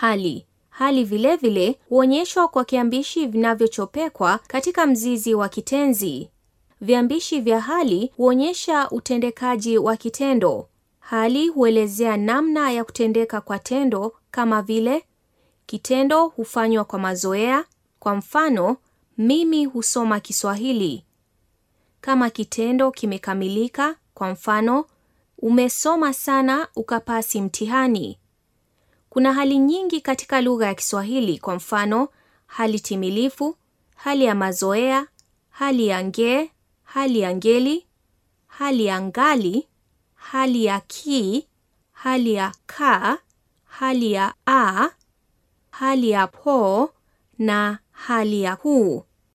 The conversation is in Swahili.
hali. Hali vilevile huonyeshwa kwa kiambishi vinavyochopekwa katika mzizi wa kitenzi. Viambishi vya hali huonyesha utendekaji wa kitendo. Hali huelezea namna ya kutendeka kwa tendo, kama vile kitendo hufanywa kwa mazoea. Kwa mfano, mimi husoma Kiswahili. Kama kitendo kimekamilika, kwa mfano, umesoma sana ukapasi mtihani. Kuna hali nyingi katika lugha ya Kiswahili, kwa mfano hali timilifu, hali ya mazoea, hali ya ngee, hali ya ngeli, hali ya ngali, hali ya ki, hali ya ka, hali ya a, hali ya po na hali ya huu.